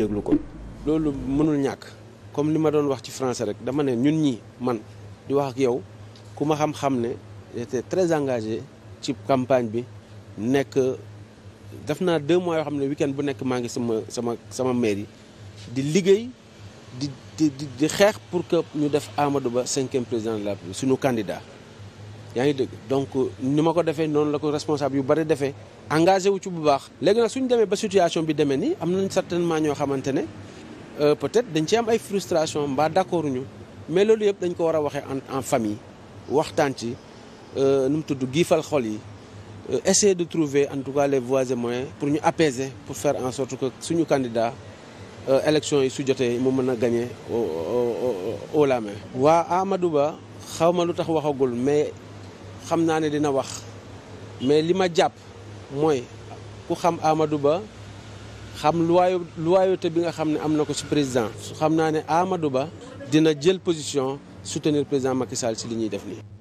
déglu ko. loolu mënul ñàkk comme li ma doon wax ci français rek dama ne ñun ñi man di wax ak yow ku ma xam-xam ne j'étais très engagé ci campagne bi nekk def naa deux mois yoo xam ne week-end bu nekk maa ngi sama sama sama mairie di liggéey di di di xeex pour que ñu def Amadou Ba cinquième président de la République suñu candidat. yaa ngi dëgg donc nu ma ko defee noonu la ko responsable yu bari defee engagé wu ci bu baax. léegi nag suñu demee ba situation bi demee nii am nañ certainement ñoo xamante ne euh, peut-être dañ ci am ay frustration mbaa d'accord ñu mais loolu yëpp dañ ko war a waxee en en famille waxtaan ci euh, nu mu tudd giifal xol yi. Euh, essayer de trouver en tout cas les voies et pour ñu apaiser pour faire en sorte que suñu candidat élection yi su jotee mu mën a gañe au la waa Amadou Ba xaw lu tax waxagul mais. xam naa ne dina wax mais li ma jàpp mooy ku xam Amadou Ba xam loyau loyauté bi nga xam ne am na ko ci président su xam naa ne Amadou Ba dina jël position soutenir président Macky Sall ci li ñuy def nii.